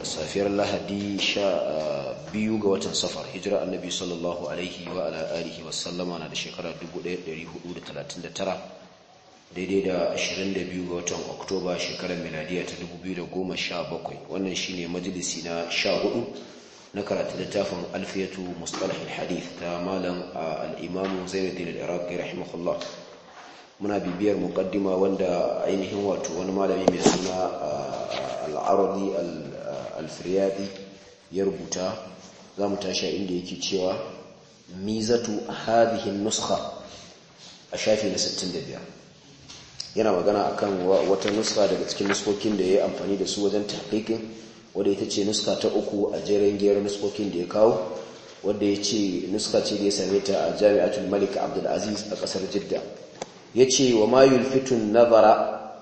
safiyar lahadi sha ah, biyu ga watan safar hijira annabi sallallahu alaihi wa ala alihi wasallama na da shekara 1439 daidai da 22 ga watan oktoba shekarar miladiya ta 2017 wannan shi ne majalisi na 14 na karatu littafin alfiyatu al hadith ta malam ah, al-imamu zainuddin al rahimahullah muna bibiyar mukaddima wanda ainihin wato wani malami mai suna ah, al-arabi al al alfiryadi ya rubuta za mu tashi inda yake cewa mizatu hadihin nuskha a shafi na 65 yana magana akan wata nuska daga cikin nuskokin da ya yi amfani da su wajen tahqiqin wadda ita ce nuska ta uku a jerin gero nuskokin da ya kawo wadda ya ce nuska ce da ya same ta a jami'atul malik abdulaziz a kasar jidda ya ce wa ma yulfitun nazara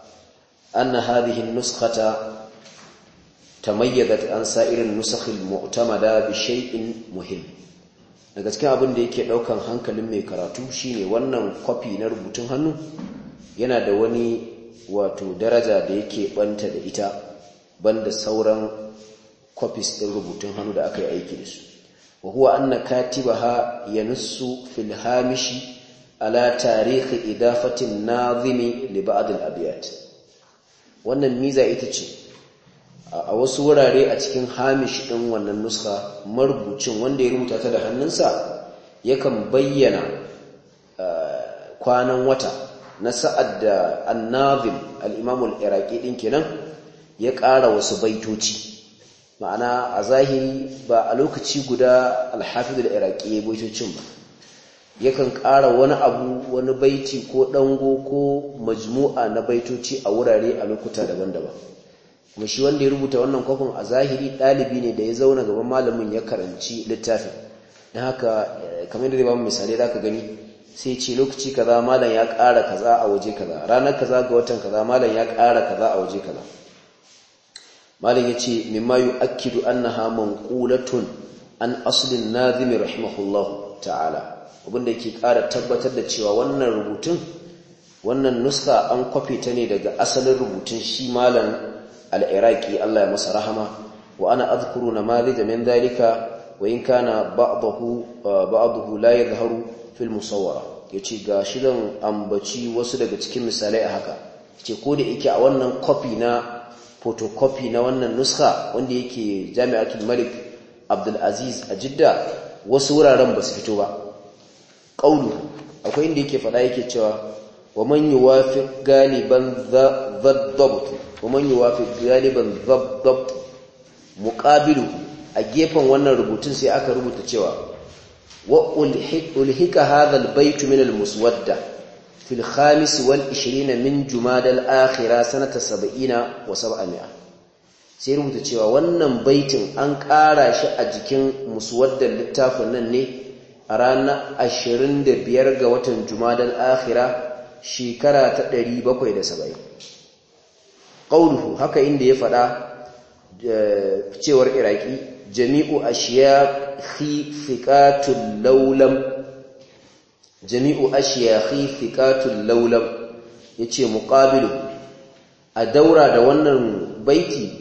anna hadhihi nuskata tamayyagat an sa'irin nusakhil mu'tamada bi shay'in muhim daga cikin abin da yake daukan hankalin mai karatu shine wannan kwafi na rubutun hannu yana da wani wato daraja da yake banta da ita banda sauran kwafis din rubutun hannu da aka yi aiki da su wa huwa anna katibaha yanussu fil hamishi ala tarihi idafatin nazimi li ba'd al abyat wannan miza ita ce a wasu wurare a cikin hamish ɗin wannan nuska marubucin wanda ya rubuta ta da hannunsa yakan bayyana kwanan wata na sa'ad da annazim al'imamul iraki ɗin kenan ya ƙara wasu baitoci ma'ana a zahiri ba a lokaci guda alhafi da iraki ya baitocin ba yakan ƙara wani abu wani baiti ko ɗango ko majmu'a na baitoci a wurare a lokuta daban-daban kuma shi wanda ya rubuta wannan kwafin a zahiri ɗalibi ne da ya zauna gaban malamin ya karanci littafin don haka eh, kamar da zai ba mu misalai za ka gani sai ce lokaci kaza malam ya ƙara kaza a waje kaza ranar kaza ga watan kaza malam ya ƙara kaza a waje kaza malam ya ce an na annaha manqulatun an na nazimi rahimahullahu ta'ala abinda ke ƙara tabbatar da cewa wannan rubutun wannan nuska an kwafe ta ne daga asalin rubutun shi malam al’iraki Allah ya masa rahama wa ana na namadhij min dalika wa yin kana ba'aduhu ba'dahu la yadhharu fil ya ce ga shidan ambaci wasu daga cikin misalai a haka ce ko da yake a wannan kofi na photocopy na wannan nuska wanda yake Jami'atul Malik abdul'aziz a Jidda wasu wuraren ba su fito ba ƙaunu akwai inda yake faɗa yake cewa ومن يوافق غالبا ذا الضبط ومن يوافق غالبا wannan rubutun sai aka rubuta cewa wa ulhika hadha albayt min almuswadda fi alkhamis wal 20 min jumad sanata 70 wa 700 sai rubuta cewa wannan baitin an kara shi a jikin muswadda littafin nan ne a ranar 25 ga watan jumad alakhira shekara ta 770 qauluhu haka inda ya faɗa cewar iraki jami'u ashyaqi fiqatul laulam jami'u ashyaqi fiqatul laulam yace muƙabilu a daura da wannan baiti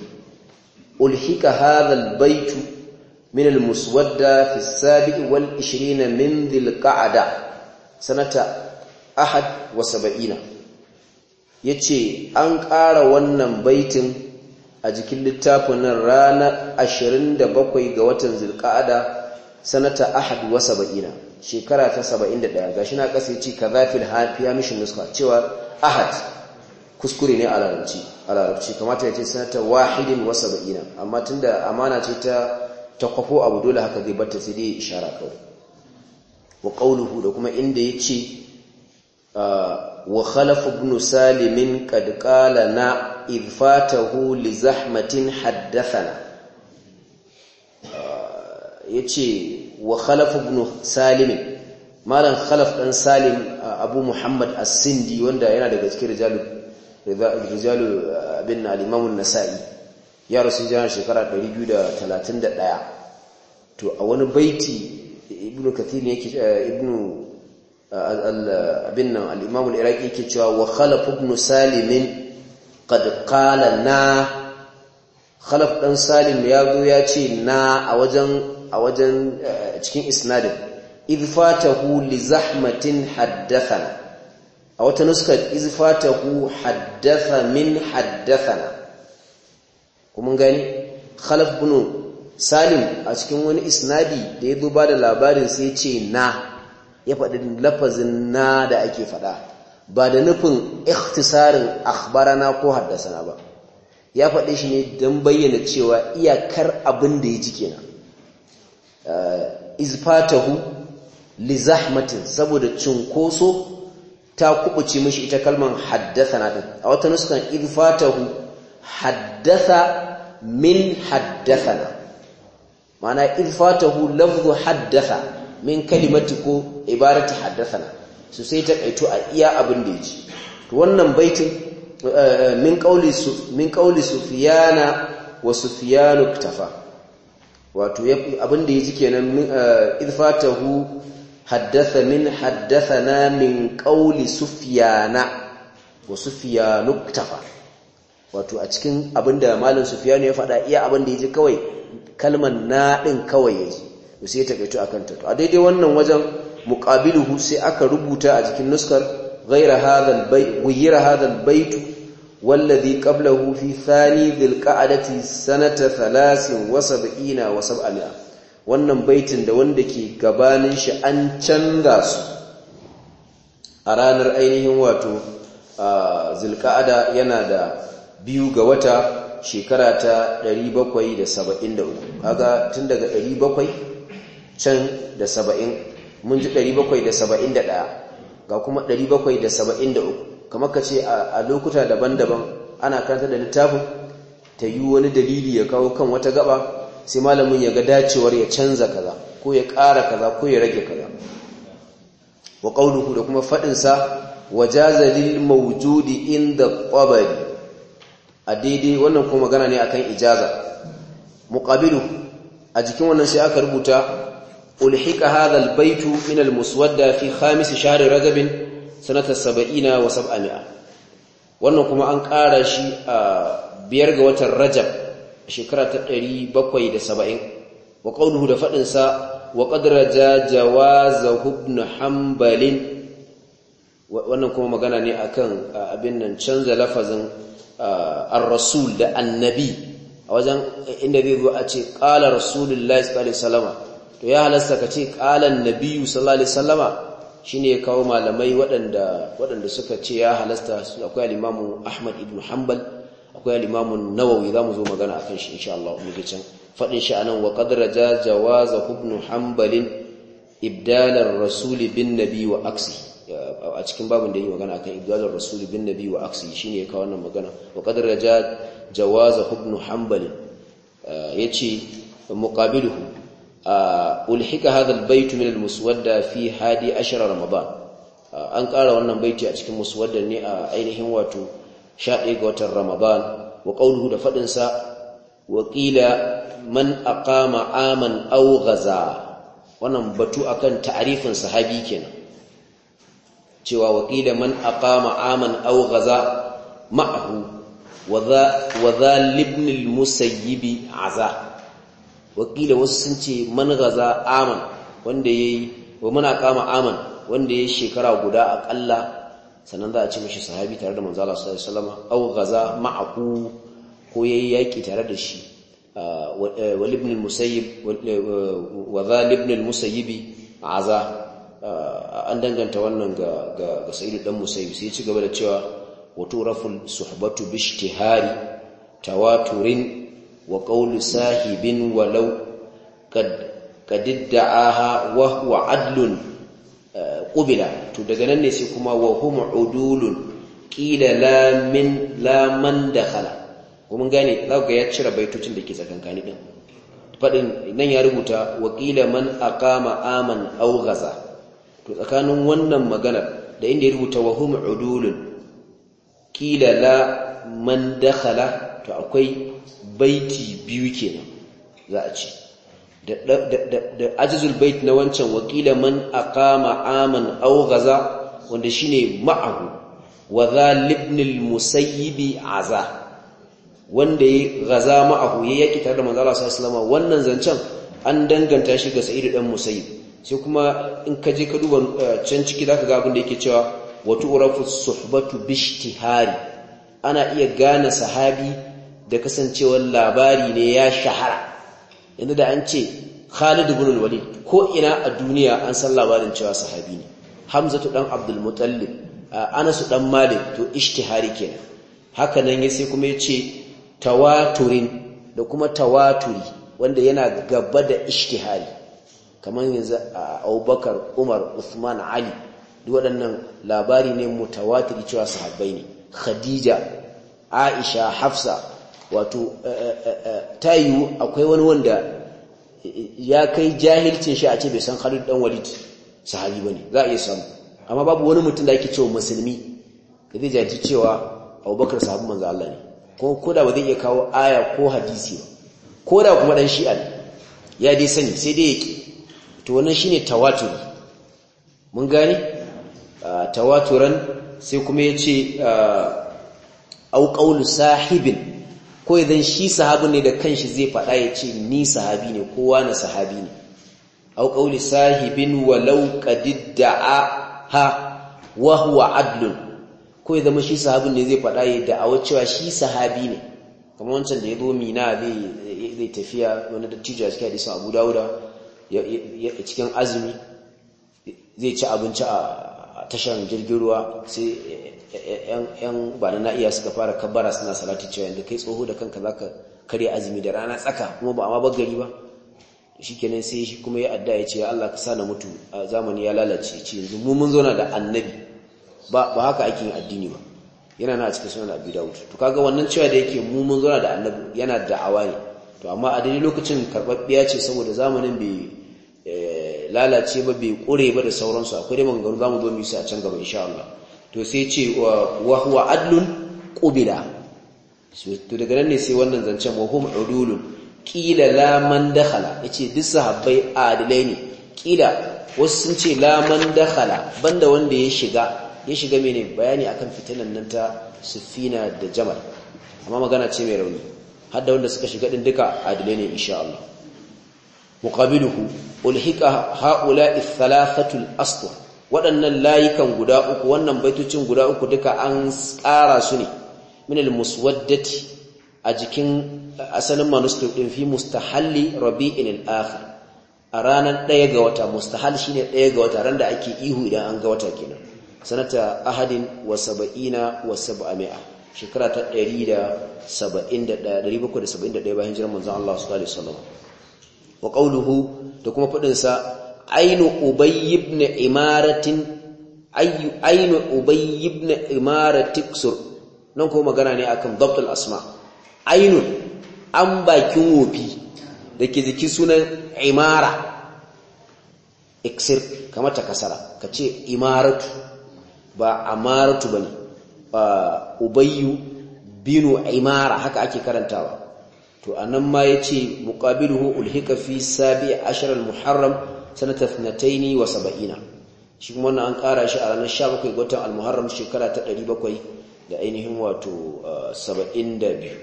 ulhika hadal baitu, min almuswadda fi as wal 20 min dhil qa'da sanata ahad wa saba'ina ya ce an ƙara wannan baitin a jikin littafin nan ranar 27 ga watan zirka'ada sanata ahad wa saba'ina shekara ta 71 shi na ƙasa ya ce ka zafin hafiya mishin nuska cewa ahad kuskure ne a larabci kamata ya ce sanata wahidin wa saba'ina amma tunda amana ce ta ta abu dole haka zai batta sai dai ishara kawai wa qawluhu da kuma inda ya ce. wa khalaf ibn salim qad qala na idfatahu lizahmatin zahmatin haddathana yace wa khalaf ibn salim malam khalaf ɗan salim abu muhammad Asindi, wanda yana daga cikin rijalu rijalu bin al-imam an-nasa'i ya rasu jana shekara 231 to a wani baiti ibn kathir yake ibn abin nan al iraki ke cewa wa khalaf ibn salim qad qala na khalaf ɗan salim ya zo ya ce na a wajen eh, cikin isnadin idh li zahmatin haddathana a wata nuska fata hu haddatha min haddathana kuma gani khalaf ibn salim a cikin wani isnadi da ya zo ba da labarin sai ce na ya faɗi lafazin na da ake faɗa ba da nufin ikhtisarin akhbarana ko haddasana ba ya faɗi shi ne don bayyana cewa iyakar abin da ya ji kenan eh, izfatahu li zahmatin saboda cunkoso ta kubuce mishi ita kalman haddasana ta. a wata nuskan izfatahu haddasa min haddathana ma'ana izfatahu lafzu haddasa. min kalimati ko ibarati haddathana su sai ta kaito a iya abin da yake to wannan baitin eh, min qauli su min qauli sufiyana wa sufiyanu iktafa wato abin da yaji kenan eh, idfatahu haddatha min haddathana min qauli sufiyana wa sufiyanu iktafa wato a cikin abin da malam sufyanu ya faɗa iya abin da yaji kawai Kalman na din kawai yaji to sai ta takaito akan ta a daidai wannan wajen muqabiluhu sai aka rubuta a cikin nuskar ghayra hadha albayt ghayra hadha albayt والذي قبله في ثاني ذي القعدة سنة ثلاث وسبعين wannan baitin da wanda ke gabanin shi an canza su a ranar ainihin wato zilka'ada yana da biyu ga wata shekara ta 773 kaga tun daga 700 can da saba'in mun ji ɗari bakwai da saba'in da ɗaya ga kuma ɗari bakwai da saba'in da uku kamar ka ce a lokuta daban-daban ana kanta da littafin ta yi wani dalili ya kawo kan wata gaba sai malamin ya ga dacewar ya canza kaza ko ya ƙara kaza ko ya rage kaza wa ƙaunuku da kuma faɗinsa wa jazalil maujudi inda ƙwabari. a daidai wannan kuma magana ne akan ijaza Muƙabilu a jikin wannan sai aka rubuta ulhika hadha albayt min almuswadda fi khamis shahr rajab sanata 70 wa 700 wannan kuma an ƙara shi a biyar ga watan rajab shekara ta 770 wa qawluhu da fadin sa wa qad raja jawaz ibn hanbal wannan kuma magana ne akan abin nan canza lafazin ar-rasul da annabi a wajen inda zai zo a ce qala rasulullahi sallallahu alaihi wasallam to ya halasta ka ce ƙalan nabiyu sallallahu alaihi wasallama shine ya kawo malamai waɗanda waɗanda suka ce ya halasta akwai al-imamu Ahmad ibn Hanbal akwai al-imamu Nawawi zamu zo magana akan shi insha Allah mu can fadin shi anan wa qad raja jawaz ibn Hanbal ibdalar rasul bin nabi wa aksi a cikin babin da yake magana akan ibdalar rasul bin nabi wa aksi shine ya kawo wannan magana wa qad raja jawaz ibn Hanbal yace muqabiluhu ulhika hadha baitu min almuswadda fi hadi ashara ramadan an ƙara wannan baiti a cikin muswadda ne a ainihin wato 11 ga watan ramadan wa qawluhu da fadin sa wa qila man aman aw ghaza wannan batu akan ta'arifin sahabi kenan cewa wa qila man aqama aman aw ghaza ma'ahu wa dha wa dha libn almusayyib aza wakila wasu sun ce man gaza aman wanda ya yi wa muna kama aman wanda ya shekara guda a kalla sannan za a ce mashi sahabi tare da manzala Allah sallallahu gaza ma'aku ko ya yi yaƙi tare da shi wa e, e, a musayyibi aza an danganta wannan ga sa'idu dan musayyib sai ci gaba da cewa wato rafin suhbatu bishtihari tawaturin wa qawlu sahibin walau kad kadidda'aha wa huwa adlun eh, qubila to daga nan ne sai kuma wa hum udulun qila la min la man dakhala kuma gane zaka ga ya cire baitocin da ke tsakankani din fadin nan ya rubuta wa qila man aqama aman aw ghaza to tsakanin wannan magana da inda ya rubuta wa hum udulun qila la man dakhala to akwai baiti biyu kenan za a ce da ajizul bait na wancan wakila man aqama aman aw Gaza, wanda shine ma'ahu wa zalibn al musayyibi aza wanda ya gaza ma'ahu ya kitar da manzo Allah sallallahu alaihi wannan zancen an danganta shi ga sa'id dan musayyib sai kuma in ka je ka duba eh, can ciki zaka ga abin da yake cewa wa tu'rafu suhbatu bishtihari ana iya gane sahabi da kasancewar labari ne ya shahara yanzu da an ce Khalid ibn walid ko ina a duniya an san labarin cewa sahabi ne Hamzatu dan Abdul ana su dan Malik to ishtihari kenan haka nan yace kuma yace tawaturin da kuma tawaturi wanda yana gaba da ishtihari kamar yanzu Abubakar Umar Usman, Ali duk waɗannan labari ne mutawatiri cewa sahabbai ne Khadija Aisha Hafsa wato eh, eh, eh, ta yiwu akwai wani wanda ya kai jahilcin shi a ce bai san Khalid dan Walid sahabi ne za a iya samu amma babu wani mutum da ake cewa musulmi da zai jahilci cewa Abubakar sahabi manzo Allah ne ko koda ba zai iya kawo aya ko hadisi ba koda kuma ɗan shi'a ya dai sani sai dai yake to wannan shine tawatur mun gane tawaturan sai kuma yace au qawlu sahibin ko idan shi sahabin ne da kanshi zai faɗa ya ce ni sahabi ne kowa na sahabi ne au qauli sahibin walau a ha wa huwa adlun ko idan shi sahabin ne zai faɗa ya da'awa cewa shi sahabi ne kamar wancan da ya zo mina zai tafiya wani dattijo a cikin hadisin abu dawuda cikin azumi zai ci abinci a tashar jirgin ruwa sai yan ba na iya suka fara kabbara suna salati cewa yadda kai tsoho da kanka za ka karya azumi da rana tsaka kuma ba amma gari ba kenan sai shi kuma ya adda ya ce Allah ka sa na mutu a zamani ya lalace ce yanzu mu mun na da annabi ba haka ake yin addini ba yana na cikin cikin sunan Abi Dawud to kaga wannan cewa da yake mu mun na da annabi yana da awa ne to amma a daidai lokacin karbabbiya ce saboda zamanin bai eh, lalace ba bai kure ba da sauransu akwai dai maganganu mu zo mu yi su a can gaba insha Allah to sai ce wa huwa adlun qubila to daga nan ne sai wannan zancen wa hum udulun qila la man dakhala yace duk sahabbai adilai ne qila wasu sun ce la man dakhala banda wanda ya shiga ya shiga mene bayani akan fitinan nan ta sufina da jamal amma magana ce mai rauni har da wanda suka shiga din duka adilai ne insha Allah muqabiluhu ulhiqa haula'i thalathatul asfar waɗannan layukan guda uku wannan baitocin guda uku duka an tsara su ne minal muswaddati a jikin asalin manuscript ɗin fi mustahalli rabi'in al-akhir a ranar ɗaya ga wata mustahal shine ɗaya ga wata ran da ake ihu idan an ga wata kenan sanata ahadin wa saba'ina wa saba'a shekara ta 171 bayan hijirar manzon Allah sallallahu alaihi wasallam wa qawluhu da kuma fadin sa ainu ubayy ibn imaratin ayu ainu ubayy ibn imaratiksur nan kuma magana ne akan dabtul asma ainun an bakin wofi dake jiki sunan imara iksir kamar ta kasara kace imaratu ba amaratu bane ubayyu binu imara haka ake karantawa to nan ma yace muqabiluhu ulhika fi sabi ashar muharram sanata 270 shi kuma an kara shi a ranar 17 ga watan al-muharram shekara ta 700 da ainihin wato 72 uh,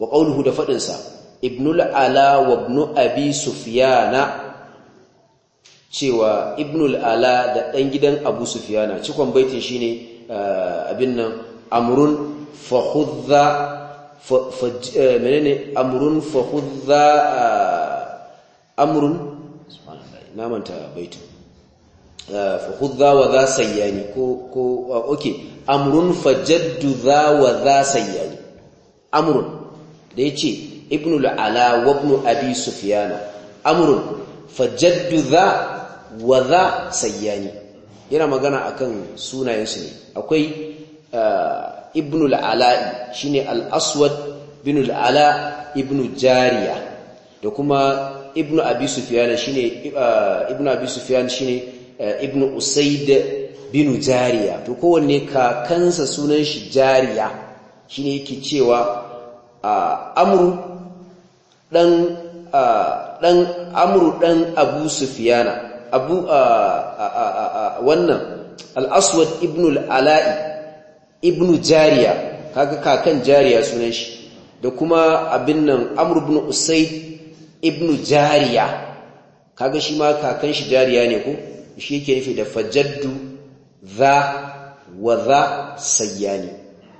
wa qawluhu da fadin sa ibnul ala wa ibnu abi sufyana cewa ibnul ala da dan gidan abu sufyana cikon baitin shine uh, abin nan amrun fa khudha fa uh, menene amrun fa khudha amrun namanta baitu ah, fa khudha wa dha sayyani ko ko ah, okay amrun fajaddu dha wa dha sayyani amrun da yace ibnu al-ala wa ibnu abi sufyan amrun fajaddu dha wa dha sayyani yana magana akan sunayen su ne akwai ah, ibnu al-ala shine al-aswad bin al-ala ibnu jariya da kuma ibnu abi sufyan shine uh, ibnu abi sufyan shine uh, ibnu usayd bin jariya to kowanne kansa sunan shi jariya shine yake cewa uh, amru dan dan amru dan abu sufyana abu wannan al-aswad ibn al-ala'i ibn jariya kaga kakan jariya sunan shi da kuma abin nan amru ibn usayd ibnu jariya kaga shi ma kakan shi jariya ne ko shi yake nufi da fajaddu za wa za sayyani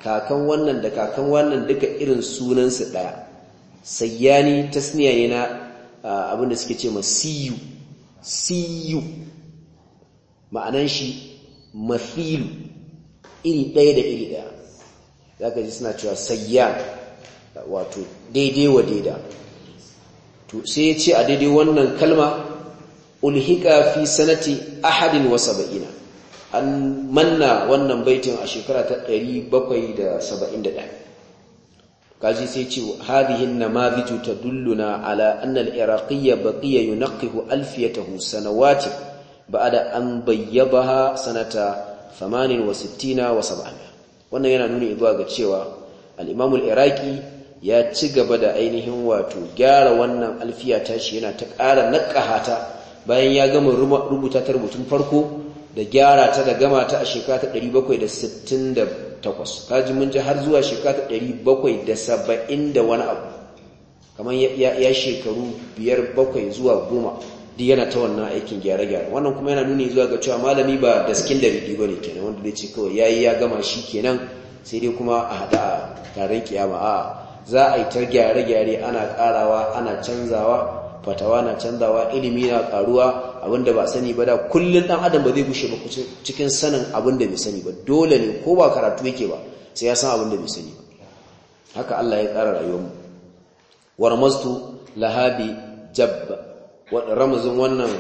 kakan wannan da kakan wannan duka irin sunansu ɗaya sayyani tasniya ne na abin da suke ce ma siyu siyu ma'anan shi mafilu iri ɗaya da iri ɗaya za ka ji suna cewa sayyan wato daidai wa daida to sai ya ce a daidai wannan kalma ulhika fi sanati ahadin wa saba'ina an manna wannan baitin a shekara ta 771 kaji sai ce hadihin namaziju tadulluna ala anna al-iraqiyya baqiya yunqihu alfiyatahu sanawati ba'da an bayyabaha sanata 68 wa wannan yana nuni zuwa ga cewa al-imam al-iraqi ya ci gaba da ainihin wato gyara wannan alfiya shi yana ta ƙara naƙahata bayan ya gama rubuta ta rubutun farko da gyara ta da gama ta a shekara ta 768 kaji mun ji har zuwa shekara ta 770 da wani abu kamar ya shekaru biyar bakwai zuwa goma duk yana ta wannan aikin gyara gyare wannan kuma yana nuni zuwa ga cewa malami ba daskin da rigi ba ne kenan wanda dai ce kawai ya yi ya gama shi kenan sai dai kuma a haɗa a taron kiyama a za a yi ta gyare-gyare ana karawa ana canzawa fatawa na canzawa ilimi na karuwa abinda ba sani ba da kullum dan adam ba zai gushe ba cikin sanin abinda bai sani ba dole ne ko ba karatu yake ba sai ya san abinda bai sani ba haka Allah ya tsara rayuwarmu warmastu lahabi jabba ramazin wannan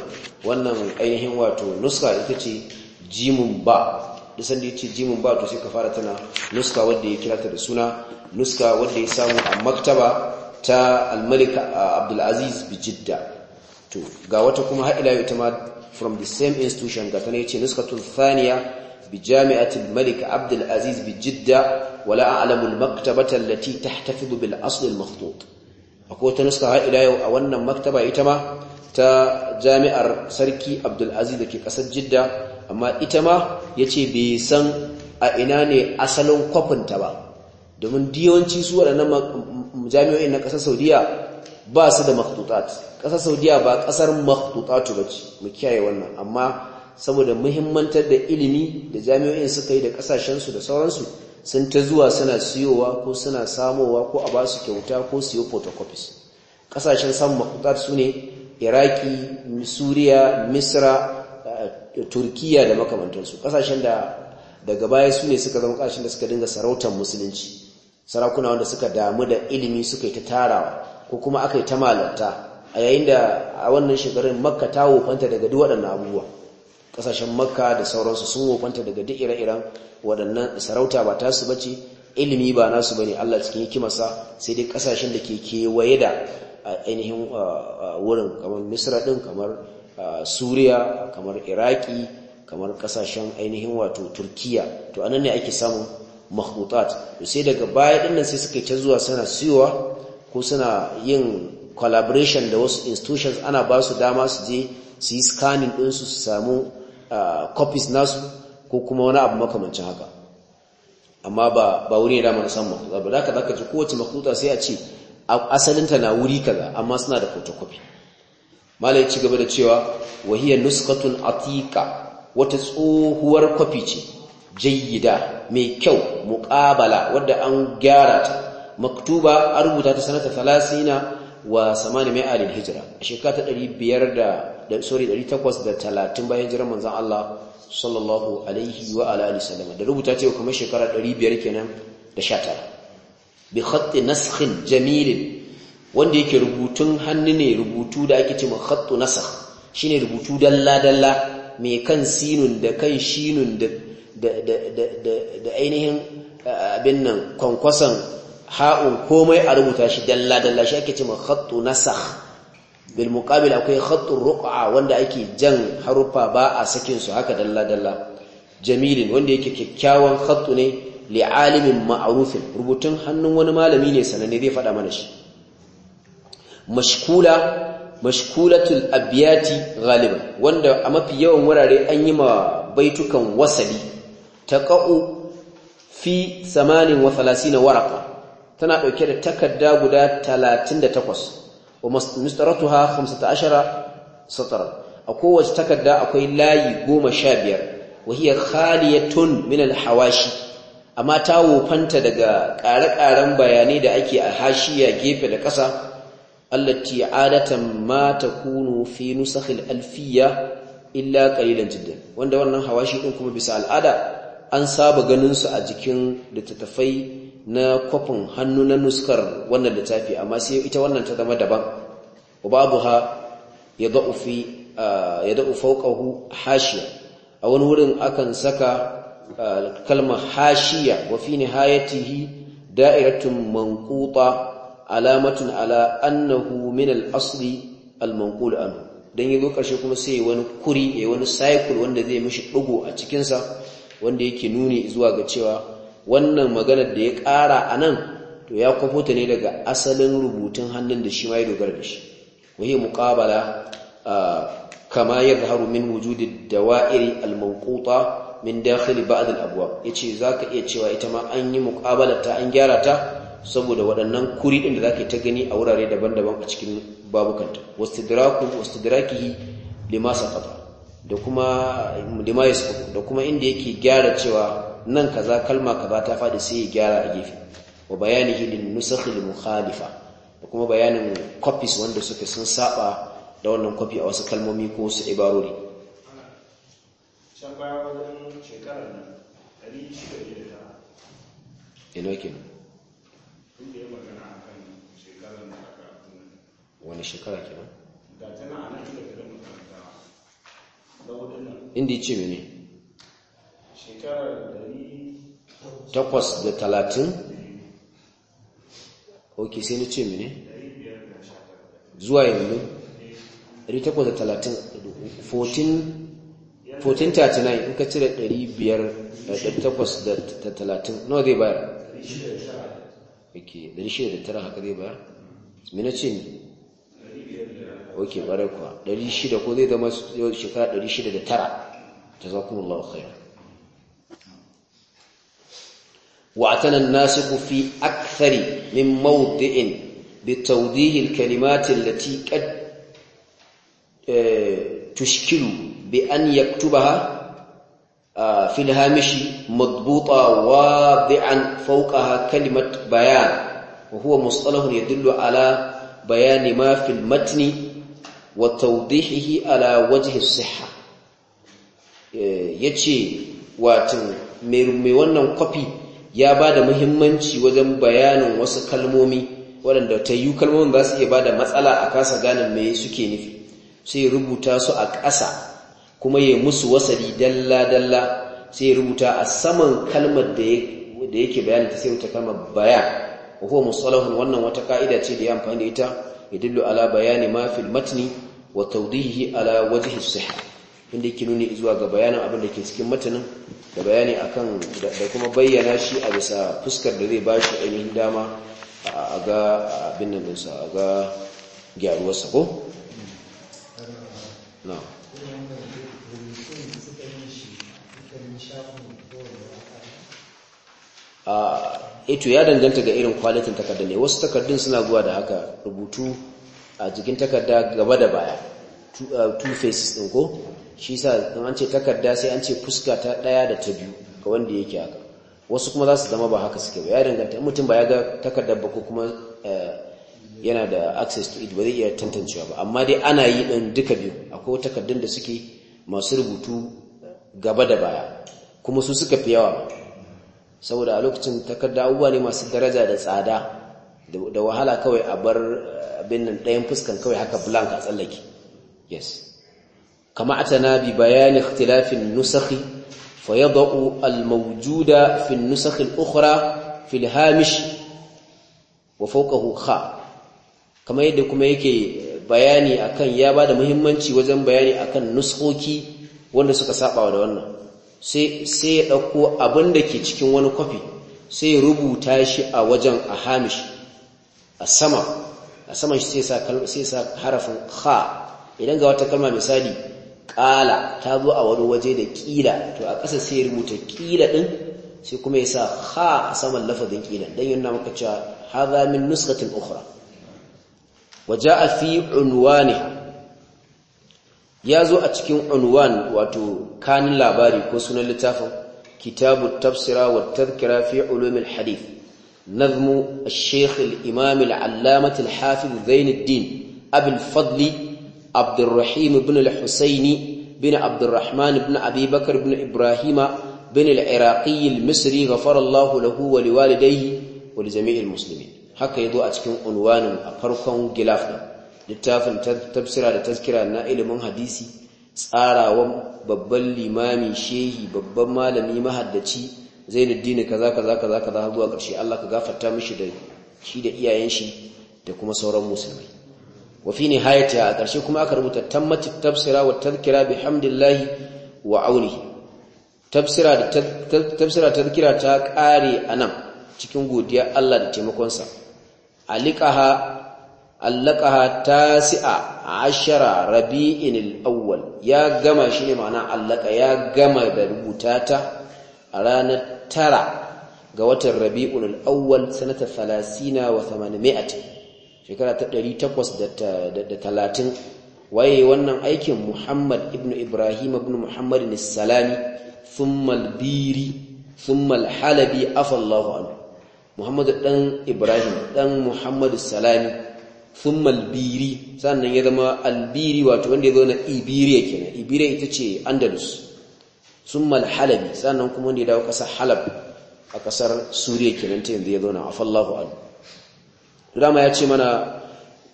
wannan ainihin wato nuska ita ce jimun ba da sanda ya ce jimin ba to sai ka fara tana nuska wadda ya kira da suna nuska wadda ya samu a maktaba ta almalika uh, abdulaziz bijidda to ga wata kuma ha'ila ya ta ma from the same institution ga tana ya ce nuska tun thaniya bi jami'atul malik abdulaziz bijidda wala a'lamu almaktabata allati tahtafidu bil asl almakhtut akwai wata nuska ha'ila ya a wannan maktaba ita ma ta jami'ar sarki abdulaziz da ke kasar jidda amma ita ma ya ce bai san a ina ne asalin kwafinta ba domin diyawanci su waɗannan jami'o'in na ƙasar saudiya ba su da makhtutat ƙasar saudiya ba ƙasar makhtutatu ba ce mu kiyaye wannan amma saboda muhimmantar da ilimi da jami'o'in suka yi da ƙasashensu da sauransu sun ta zuwa suna siyowa ko suna samowa ko a ba su kyauta ko siyo photocopies ƙasashen samun makhtutat su ne iraki suriya misra turkiya da makamantansu kasashen da daga baya su ne suka zama kasashen da suka dinga sarautar musulunci sarakuna wanda suka damu da ilimi suka yi ta tarawa ko kuma aka yi ta malarta a yayin da a wannan shekarun makka ta wofanta daga duk waɗannan abubuwa kasashen makka da sauransu sun wofanta daga duk ire-iren waɗannan sarauta ba ta su bace ilimi ba nasu ne Allah cikin hikimarsa sai dai kasashen da ke kewaye da ainihin wurin kamar misra din kamar suriya kamar iraki kamar kasashen ainihin wato turkiya to anan ne ake samun makhmutat to sai daga baya dinnan sai suka ce zuwa suna siyowa ko suna yin collaboration da wasu institutions ana ba su dama su je su yi scanning ɗinsu su samu copies nasu ko kuma wani abu makamancin haka amma ba ba wuri da mana san ba da ka ji kowace makhmuta sai a ce asalinta na wuri kaza amma suna da photocopy mala ya ci gaba da cewa wahiyar nuskatun atika wata tsohuwar kwafi ce jayyida mai kyau muƙabala wadda an gyara ta maktuba an rubuta ta sanata falasina wa samani mai alin hijira a shekara ta 500 sorry 830 bayan jiran manzan Allah sallallahu alaihi wa alihi sallama da rubuta ce kuma shekara 500 kenan da 19 bi khatti naskhin jamilin wanda yake rubutun hannu ne rubutu da ake cewa khattu nasakh shine rubutu dalla dalla mai kan sinun da kan shinun da da da da ainihin abin nan kwankwason ha'un komai a rubuta shi dalla dalla shi ake cewa khattu nasakh bil muqabil akwai khattu ruq'a wanda ake jan harufa ba a sakin su haka dalla dalla jamilin wanda yake kyakkyawan khattu ne alimin ma'arufin rubutun hannun wani malami ne sananne zai faɗa mana shi mashkula mashkulatul abiyati galiban wanda a mafi yawan wurare an yi ma baitukan wasali taqa'u fi 38 waraqa tana dauke da takarda guda 38 wa mustaratuha 15 satara a kowace takarda akwai layi 15 wa hiya khaliyatun min alhawashi amma ta wofanta daga ƙare-ƙaren bayanai da ake a hashiya gefe da ƙasa allati adatan ma takunu fi nusakh al-alfiyya illa qalilan jiddan wanda wannan hawashi din kuma bisa al'ada an saba ganin su a jikin littattafai na kwafin hannu na nuskar wannan littafi amma sai ita wannan ta zama daban babuha yad'u fi yad'u fawqahu hashiya a wani wurin akan saka kalmar hashiya wa fi nihayatihi da'iratun manquta alamatun ala annahu min al-asli al-manqul anhu dan yazo karshe kuma sai wani kuri ya wani cycle wanda zai mishi dugo a cikin sa wanda yake nuni zuwa ga cewa wannan maganar da ya ƙara anan to ya kwafo ta ne daga asalin rubutun hannun da shi ma ya dogara da shi wahi muqabala kama yadhharu min wujudi dawa'iri al-manquta min dakhil ba'd al-abwab yace zaka iya cewa ita ma an yi muqabala ta an gyara ta saboda waɗannan kuri ɗin da za ta gani a wurare daban-daban a cikin babukanta wasu dirakihi limasa ƙafa da kuma da kuma inda yake gyara cewa nan kaza kalma kaza ta faɗi sai ya gyara a gefe wa bayani hidin nusakh mukhalifa da kuma bayanin kwafis wanda suka sun saba da wannan kwafi a wasu kalmomi ko wasu ibarori inda ya a kan shekarar da aka wani shekara ke nan? tana da makaranta da inda ya ce mene? shekarar dari takwas da talatin? ok sai na ce mene? zuwa yanzu? 1439 in ka cire eh, nawa zai bayar? yake dari shida da tara haka zai bayar mina ce ne kuwa shida ko zai zama shekara dari shida da tara ta za kuma khair wa fi akthari min maudi'in bi tawdihi kalimatin kalimat allati eh, tushkilu bi an yaktubaha في الهامش مضبوطة واضعا فوقها كلمة بيان وهو مصطلح يدل على بيان ما في المتن وتوضيحه على وجه الصحة yace watan mai wannan kwafi ya bada muhimmanci wajen bayanin wasu kalmomi waɗanda ta yi kalmomin ba su iya bada matsala a kasa gane me suke sai rubuta su a ƙasa kuma ya musu wasali dalla dalla sai rubuta a saman kalmar da yake bayan ta sai wuta kalmar baya wa huwa wannan wata ka'ida ce da ya amfani da ita yadullu ala bayani ma fil matni wa tawdihi ala wajhi sihha inda yake nuni zuwa ga bayanin abin da ke cikin matanin da bayani akan da kuma bayyana shi a bisa fuskar da zai ba bashi ainihin dama a ga abin nan a ga gyaruwarsa ko na'am Ah, eto eh ya danganta ga irin kwalitin takarda ne wasu takardun suna zuwa da haka rubutu a jikin takarda gaba da baya two ah, faces din ko shi sa an ce takarda sai an ce fuska ta daya da ta biyu ga wanda yake haka wasu kuma za su zama ba haka suke ba ya danganta mutum ba ya ga takardar ba ko kuma eh, yana da access to it ba zai iya tantancewa ba amma dai ana yi ɗin duka biyu akwai takardun da suke masu rubutu gaba da baya kuma su suka fi yawa saboda a lokacin takarda abubuwa ne masu daraja da tsada da wahala kawai a bar abin nan ɗayan fuskan kawai haka blank a tsallake yes kama atana bi bayani ikhtilafin nusakhi fayadau al-mawjuda fi nusakh al-ukhra fi al-hamish wa fawqahu kha kama yadda kuma yake bayani akan ya bada muhimmanci wajen bayani akan nuskoki wanda suka saba da wannan sai ya ɗauko abin da ke cikin wani kwafi sai ya rubuta shi a wajen a hamish a sama a saman shi sai sa harafin ha idan ga wata kama misali ƙala ta zo a wani waje da ƙila to a ƙasa sai ya rubuta ƙila ɗin sai kuma ya sa ha a saman lafazin ƙila don yana maka cewa haza min nuskatin wa waje a fi ne. ya zo a cikin unwan wato kanin labari ko sunan littafin kitabu tafsira wa tadhkira fi ulumil hadith nazmu al-sheikh al-imam al-allamah al-hafiz zainuddin abul fadli abdurrahim ibn al-husaini bin abdurrahman ibn abi bakr ibn ibrahima bin al-iraqi al-misri ghafara Allah lahu wa liwalidayhi wa jami'il muslimin haka yazo a cikin unwanin a farkon gilaf din littafin tafsira da taskira na ilimin hadisi tsarawan babban limami shehi babban malami mahaddaci zainuddin kaza kaza kaza kaza zuwa ƙarshe Allah ka gafarta mishi da shi da iyayen shi da kuma sauran musulmai wa fi hayata a ƙarshe kuma aka rubuta tammat tafsira wa tadhkira bihamdillahi wa aunihi tafsira da tafsira ta ƙare nan cikin godiya Allah da taimakon sa alikaha allaqaha tasi'a ashara rabi'in al-awwal ya gama shi ne ma'ana allaka ya gama da rubuta ta a ranar 9 ga watan rabi'un al-awwal sanata 30 wa 800 shekara ta 830 waye wannan aikin Muhammad ibn Ibrahim ibn Muhammad al-Salami thumma al-Biri thumma al-Halabi afallahu anhu Muhammad dan Ibrahim dan Muhammad al-Salami thumma albiri sannan ya zama albiri wato wanda ya zo na ibiriya kenan ibiriya ita ce andalus thumma alhalabi sannan kuma wanda ya dawo kasar halab a kasar suriya kenan ta yanzu ya zo na afallahu an ya ce mana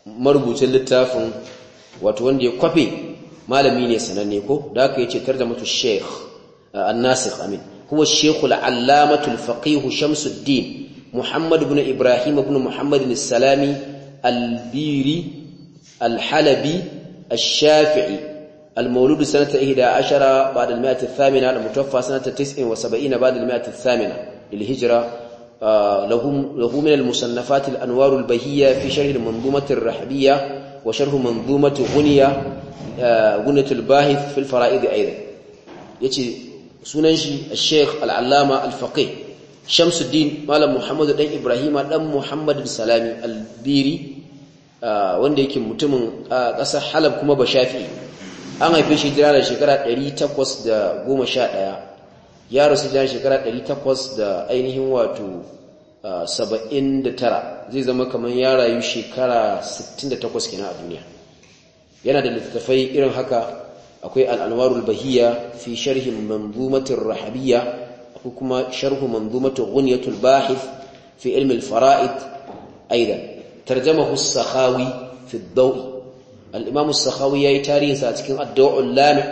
marubucin littafin wato wanda ya kwafe malami ne sananne ko da ya ce tar mutu sheikh eh, an amin huwa sheikh al-allamatu shamsuddin muhammad ibn ibrahim ibn muhammad salami البيري الحلبي الشافعي المولود سنة 11 بعد المائة الثامنة المتوفى سنة 79 بعد المائة الثامنة للهجرة له له من المصنفات الأنوار البهية في شرح المنظومة الرحبية وشرح منظومة غنية غنية الباهث في الفرائض أيضا يتي سننشي الشيخ العلامة الفقيه shamsuddin malam muhammadu dan ibrahima dan muhammadu salami albiri wanda yake mutumin ƙasar halab kuma ba shafi an haife shi jira da shekara 811 ya rasu jira shekara 800 da ainihin wato 79 zai zama kamar ya rayu shekara 68 kina a duniya yana da littattafai irin haka akwai al'anwarul bahiya fi sharhin manzumatin rahabiyya ko kuma sharhu manzumatu ghunyatul bahith fi ilm al-fara'id aidan tarjamahu as-sakhawi fi ad-dawi al-imam as-sakhawi yayi tarihinsa a cikin ad-daw'u al-lami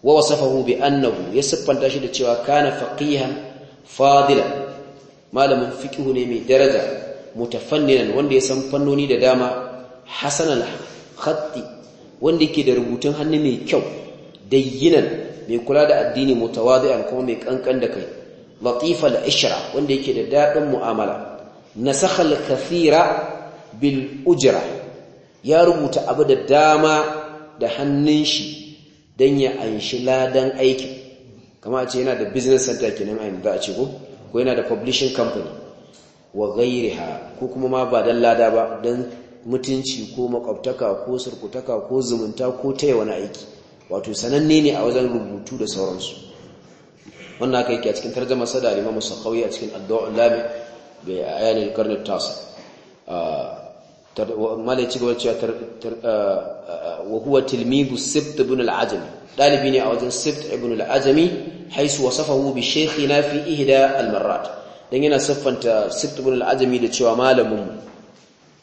wa wasafahu bi annahu shi da cewa kana faqihan fadila malamin fiqh ne mai daraja mutafanninan wanda ya san fannoni da dama hasan al-khatti wanda yake da rubutun hannu mai kyau dayyinan mai kula da addini mutawadi'an kuma mai kankan da kai al ishra wanda yake da dadin mu'amala al kathira bil ujra ya rubuta abu da dama da hannun shi dan ya anshi ladan aikin kamar a ce yana da business center kenan a za a ce ko ko yana da publishing company wa ghairiha ko kuma ma ba dan lada ba dan mutunci ko makwabtaka ko surkutaka ko zumunta ko taya wani aiki wato sananne ne a wajen rubutu da sauransu wannan aka yake a cikin tarjama sada al-Imam Sakhawi a cikin Ad-Du'a Lami bi ayan al-qarn at-tasi ah, ci gaba cewa ah, ah, wa huwa tilmidu Sibt ibn al-Ajami dalibi ne a wajen Sibt ibn al haisu haisu wasafahu bi na fi ihda al dan yana siffanta Sibt ibn al da cewa malamin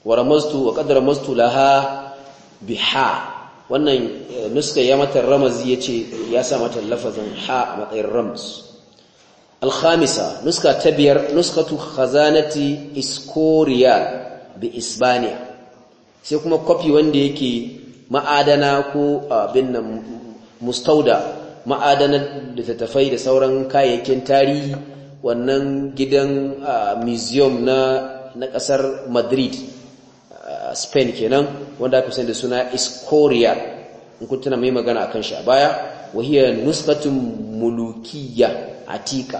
wa ramastu wa qad laha biha wannan eh, nuska ya mata ramazi ya ce ya sa mata lafazin ha a matsayin ramaz alhamisa nuska ta biyar tu khazanati iskoriya bi isbaniya sai kuma kwafi wanda yake ma'adana ko abin nan mustauda ma'adanar littattafai da sauran kayayyakin tarihi wannan gidan ah, museum na na ƙasar madrid spain kenan wanda aka sani da suna iskoria in kun tana mai magana a kan shi a baya wahiyar nuskatun mulukiya atika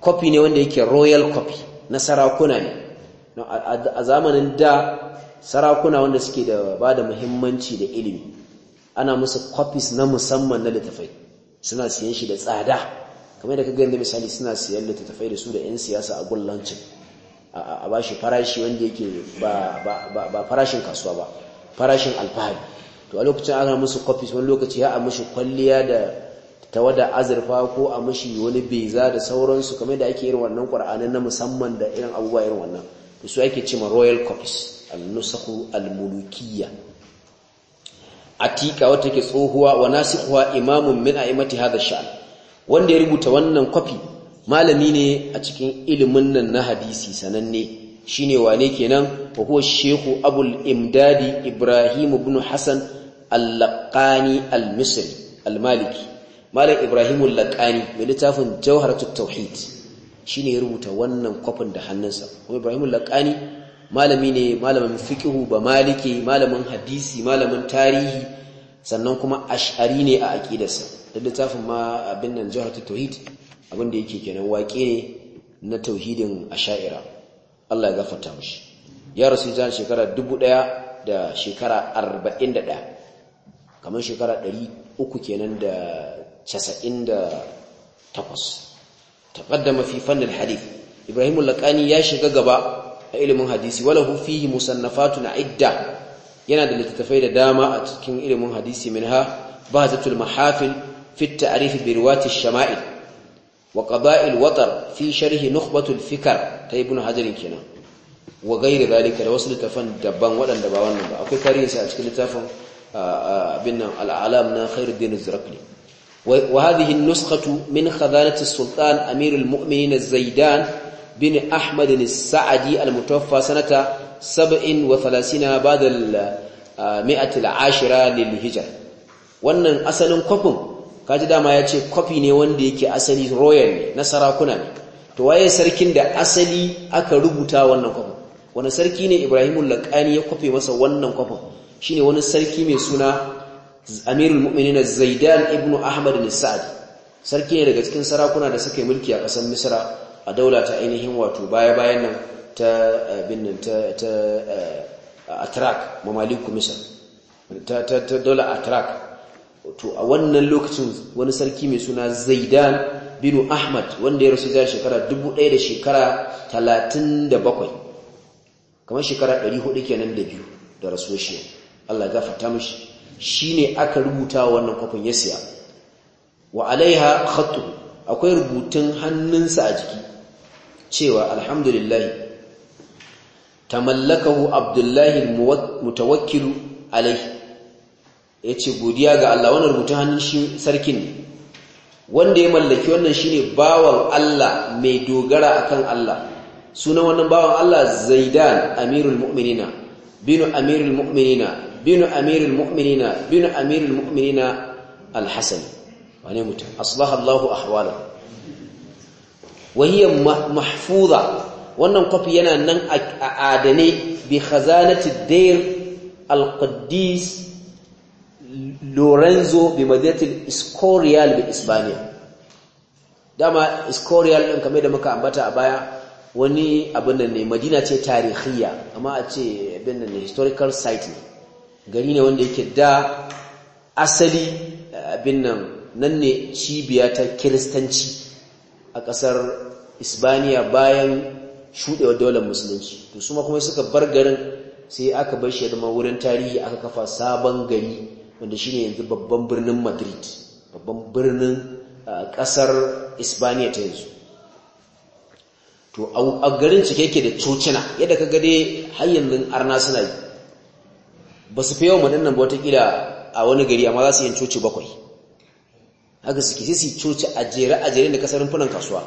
kofi ne wanda yake royal kofi na sarakuna ne a zamanin da sarakuna wanda suke da ba da muhimmanci da ilimi ana musu copies na musamman na littafai suna siyan shi da tsada kamar da ka gani misali suna siyan littattafai da su da 'yan siyasa a gullancin a ba shi farashi wanda yake ba farashin kasuwa ba farashin alfahari to a lokacin ana musu kwafis wani lokaci ya a mushi kwalliya da tawada azurfa ko a mushi wani beza da sauransu kamar da ake irin wannan ƙwar'anin na musamman da irin abubuwa irin wannan to su ake cima royal copies al-nusaku al-mulukiyya atika wata ke tsohuwa wa nasikuwa imamun min mati hada sha'an wanda ya rubuta wannan kwafi malami ne a cikin ilimin nan na hadisi sananne shine wane kenan fa huwa shehu abul imdadi ibrahim ibn hasan al-laqani al-misri al-maliki malam ibrahim al-laqani mai littafin jawharatut tauhid shine ya rubuta wannan kwafin da hannunsa kuma ibrahim al-laqani malami ne malamin fiqhu ba maliki malamin hadisi malamin tarihi sannan kuma ash'ari ne a aqidarsa da littafin ma abin nan jawharatut tauhid abin da yake kenan waƙe ne na tauhidin asha'ira Allah ya gafarta mishi ya rasu zan shekara dubu ɗaya da shekara arba'in da ɗaya kamar shekara ɗari uku kenan da casa'in da takwas taƙaddama fi fannin hadith ibrahim laƙani ya shiga gaba a ilimin hadisi wala hufihi musannafatun idda yana da littattafai da dama a cikin ilimin hadisi minha ba ta mahafil fit ta'rif bi riwayat shama'il wa qada'il watar fi sharhi nukhbatul fikar ta ibn hajarin kenan wa gairi zalika da wasu littafan daban waɗanda ba wannan ba akwai tarihin sa a cikin littafin abin nan al'alam na wa hadhihi an min khazanati as-sultan amirul mu'minin az-zaidan bin ahmad as-sa'di al-mutawaffa sanata 37 ba'da al-mi'ati al-ashira lil-hijra wannan asalin kofin kaji dama ya ce kwafi ne wanda yake asali royal ne na sarakuna ne to waye sarkin da asali aka rubuta wannan kwafin wani sarki ne ibrahimu laƙani ya kwafe masa wannan kwafin ne wani sarki mai suna amirul na zaidan ibnu ahmad bin sa'ad sarki ne daga cikin sarakuna da suka yi mulki a ƙasar misra a daula ta ainihin wato baya bayan nan ta binnan ta eh, atrak mamaliku misr ta daula atrak to a wannan lokacin wani sarki mai suna zaidan binu ahmad wanda ya rasu zai shekara 1000 da shekara 37 kamar shekara 400 kenan da biyu da rasuwar shi Allah gafarta mishi shine aka rubuta wannan kwafin ya siya wa alaiha khattu akwai rubutun hannunsa a jiki cewa alhamdulillah tamallakahu abdullahi mutawakkilu alaihi ya ce godiya ga Allah wannan rubuta hannun shi sarkin wanda ya mallaki wannan shine bawan Allah mai dogara akan Allah Suna wannan bawan Allah Zaidan Amirul Mu'minina binu Amirul Mu'minina binu Amirul Mu'minina binu Amirul Mu'minina Al-Hasan wane mutum aslaha Allahu ahwala wa hiya mahfuza wannan kwafi yana nan a adane bi khazanati dair al-qaddis lorenzo bi madinatin iscorial bi isbania dama Escorial ɗin kamar da muka ambata a baya wani abin ne madina ce tarihiyya amma a ce abin ne historical site ne gari ne wanda yake da asali abin nan ne cibiya ta kiristanci a ƙasar isbaniya bayan shuɗewar daular musulunci to su kuma suka bar garin sai aka bar shi ya wurin tarihi aka kafa sabon gari wanda shine yanzu babban birnin madrid babban birnin kasar Isbaniya ta yanzu to a garin cike yake da cocina yadda ka gade har yanzu arna suna yi ba su fi yawan madannan ba a wani gari amma za su yi coci bakwai haka suke sai coci a jere a jere da kasar rumfunan kasuwa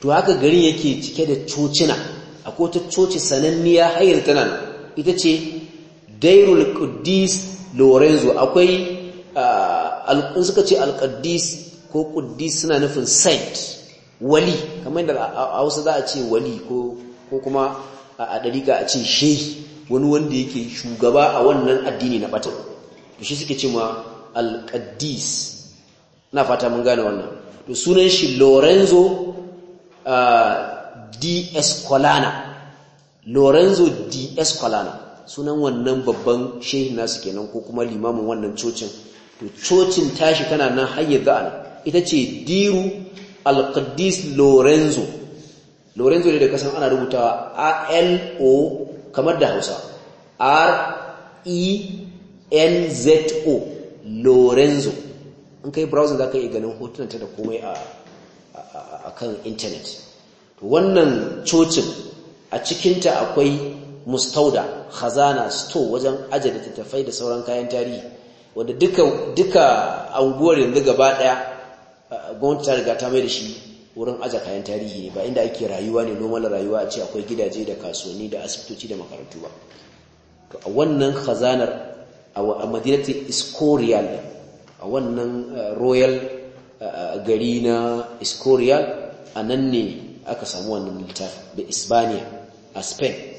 to haka garin yake cike da cocina akwai ta coci sananniya har yanzu tana ita ce dairul kudis. lorenzo akwai ah, in suka ce alƙaddis ko ƙuddis suna nufin saint wali kamar da a hausa za a ce wali ko kuma a ɗariƙa a ce shehi wani wanda yake shugaba a wannan addini na ɓatan to shi suke ce ma alƙaddis na fata mun gane wannan to sunan shi lorenzo ah, di escolana lorenzo di escolana sunan wannan babban shehin nasu kenan ko kuma limamin wannan cocin to cocin tashi tana nan har yanzu ana ita ce diru al lorenzo lorenzo ne da kasan ana rubutawa a l o kamar da Hausa r e n z o lorenzo in kai browser za ka iya ganin hotunanta da komai a akan intanet to wannan cocin a cikinta akwai mustauda khazana sto wajen ajiye littattafai da sauran kayan tarihi wanda duka duka anguwar yanzu gaba daya gwamnati ta riga ta mai da shi wurin aje kayan tarihi ne ba inda ake rayuwa ne normal rayuwa a ce akwai gidaje da kasuwanni da asibitoci da makarantu ba to a wannan khazanar a madinatul iskorial a wannan royal gari na iskorial a nan ne aka samu wannan littafin da isbaniya a spain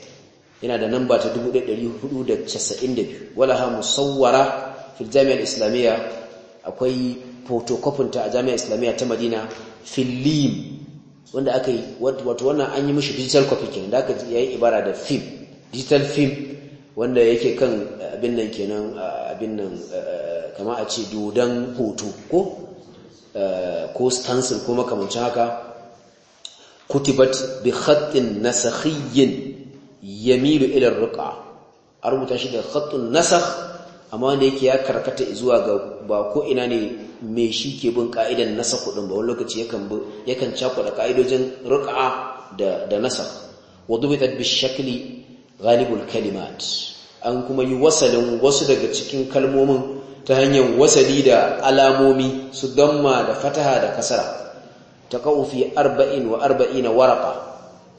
yana da namba ta 1492 walaha musawwara fil jami'a islamiyya akwai photocopy ta a jami'a islamiyya ta Madina filim wanda aka wato wannan an yi mishi digital copy kenan da aka yi ibara da film digital film wanda yake kan abin nan kenan abin nan kama a ce dodon hoto ko ko stencil ko makamancin haka kutibat bi khatin nasakhiyyin yamilu ila ruk'a a rubuta shi da khattun nasakh amma wanda yake ya karkata zuwa ga ba ko ina ne me shi ke bin ka'idan nasakh din ba wani lokaci yakan bi yakan cakuɗa ka'idojin ruka da da nasakh wa bi shakli ghalibul kalimat an kuma yi wasalin wasu daga cikin kalmomin ta hanyar wasali da alamomi su damma da fataha da kasara ta fi arba'in wa arba'ina waraka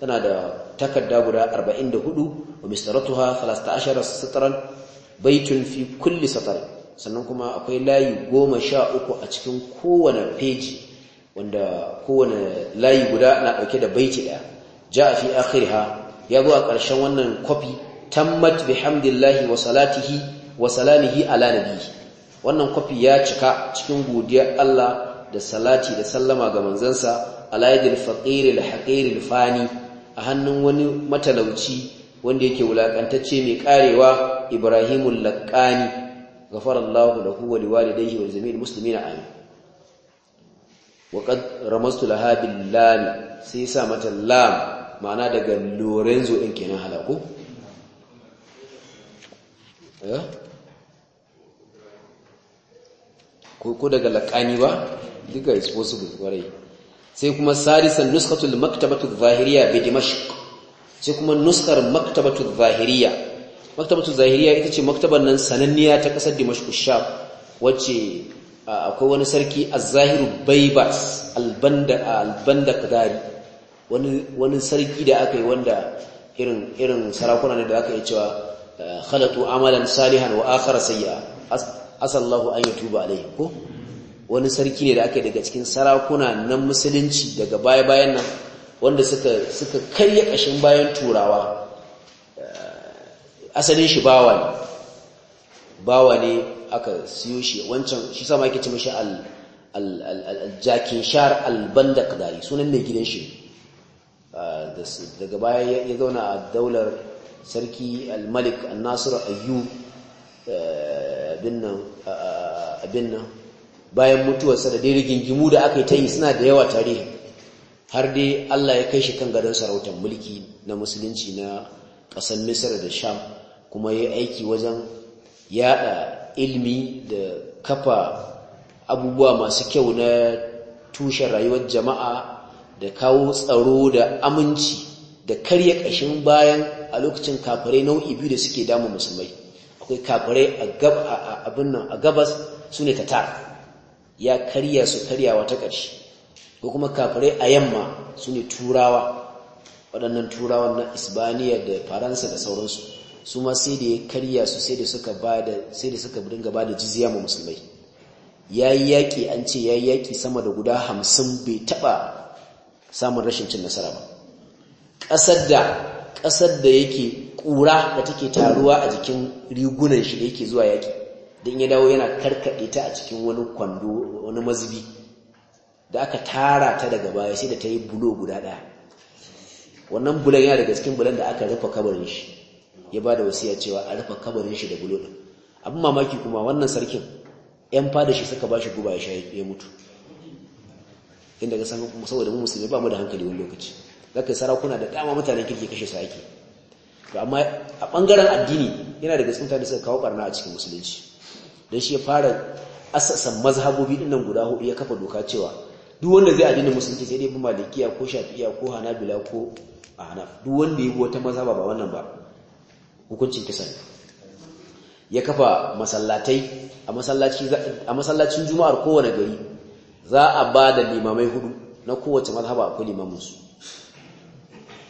tana da takarda guda 44 wa mistaratuha 13 satran baitun fi kulli satar, sannan kuma akwai layi 13 a cikin kowane page wanda kowane layi guda na dauke da baiti daya ja fi akhiriha ya zo a ƙarshen wannan kwafi tammat bihamdillahi wa salatihi wa salamihi ala nabihi wannan kwafi ya cika cikin godiyar Allah da salati da sallama ga manzansa alayil faqiril haqiril fani a hannun wani matalauci wanda yake wulakantacce mai karewa ibrahimul laqani ghafarallahu lahu wa liwalidayhi wa jami'il muslimina amin wa qad ramastu laha bil sai sa mata lam ma'ana daga lorenzo din kenan halako eh? ko daga laqani ba duka is possible kwarai sai kuma salisan nuskatul maktabatu zahiriya bi dimashq sai kuma nuskar maktabatu zahiriya maktabatu zahiriya ita ce maktabar nan sananniya ta kasar dimashq shab wacce akwai wani sarki az-zahiru baybas albanda albanda kadari wani wani sarki da aka yi wanda irin irin sarakuna ne da aka yi cewa khalatu amalan salihan wa akhara sayya asallahu an yatuba alayhi ko wani sarki ne da aka daga cikin sarakuna na musulunci daga baya-bayan nan wanda suka suka karya ƙashin bayan turawa eh, asalin shi bawa ne bawa ne aka siyo shi wancan shi sama ake ci mashi aljakin shar albanda kadari sunan mai gidan shi eh, daga baya ya zauna a daular sarki almalik annasiru ayyu eh, abin nan bayan mutuwarsa da dai rigingimu da aka yi ta yi suna da yawa tare. har dai Allah ya kai shi kan gadon sarautar mulki na musulunci na ƙasar Misra da Sham kuma ya aiki wajen yada ilmi da kafa abubuwa masu kyau na tushen rayuwar jama'a da kawo tsaro da aminci da karya ƙashin bayan a lokacin kafirai nau'i biyu da suke damun musulmai akwai kafirai a gabas su ne tatar ya karya su karyawa ta ƙarshe ko kuma kafirai a yamma su ne turawa waɗannan turawa na isbaniya da faransa da sauransu su ma sai da ya karya su sai da suka ba sai da suka ba jizya ma musulmai ya yi yaƙi an ce ya yi yaƙi sama da guda hamsin bai taɓa samun rashin cin nasara ba ƙasar da ƙasar da yake ƙura da take taruwa a jikin rigunan shi da yake zuwa yaƙi. don ya dawo yana karkaɗe ta a cikin wani kwando wani mazubi da aka tara ta daga baya sai da ta yi bulo guda ɗaya wannan bulon yana daga cikin bulon da aka rufe kabarin shi ya ba da wasiya cewa a rufe kabarin shi da bulo ɗin abin mamaki kuma wannan sarkin yan fada shi suka ba shi guba ya mutu inda ga saboda mu musulmi ba mu da hankali wani lokaci zaka sarakuna da dama mutanen kirki kashe su ake to amma a bangaren addini yana daga cikin mutane suka kawo barna a cikin musulunci dan shi ya fara asasan mazhabobi dinnan guda hudu ya kafa doka cewa duk wanda zai addinin musulunci sai dai bi malikiya ko shafi'iya ko hanabila ko ahnaf duk wanda yabo wata mazhaba ba wannan ba hukuncin kisa ne ya kafa masallatai a masallaci a masallacin juma'ar kowane gari za a bada limamai hudu na kowace mazhaba akwai limaminsu. su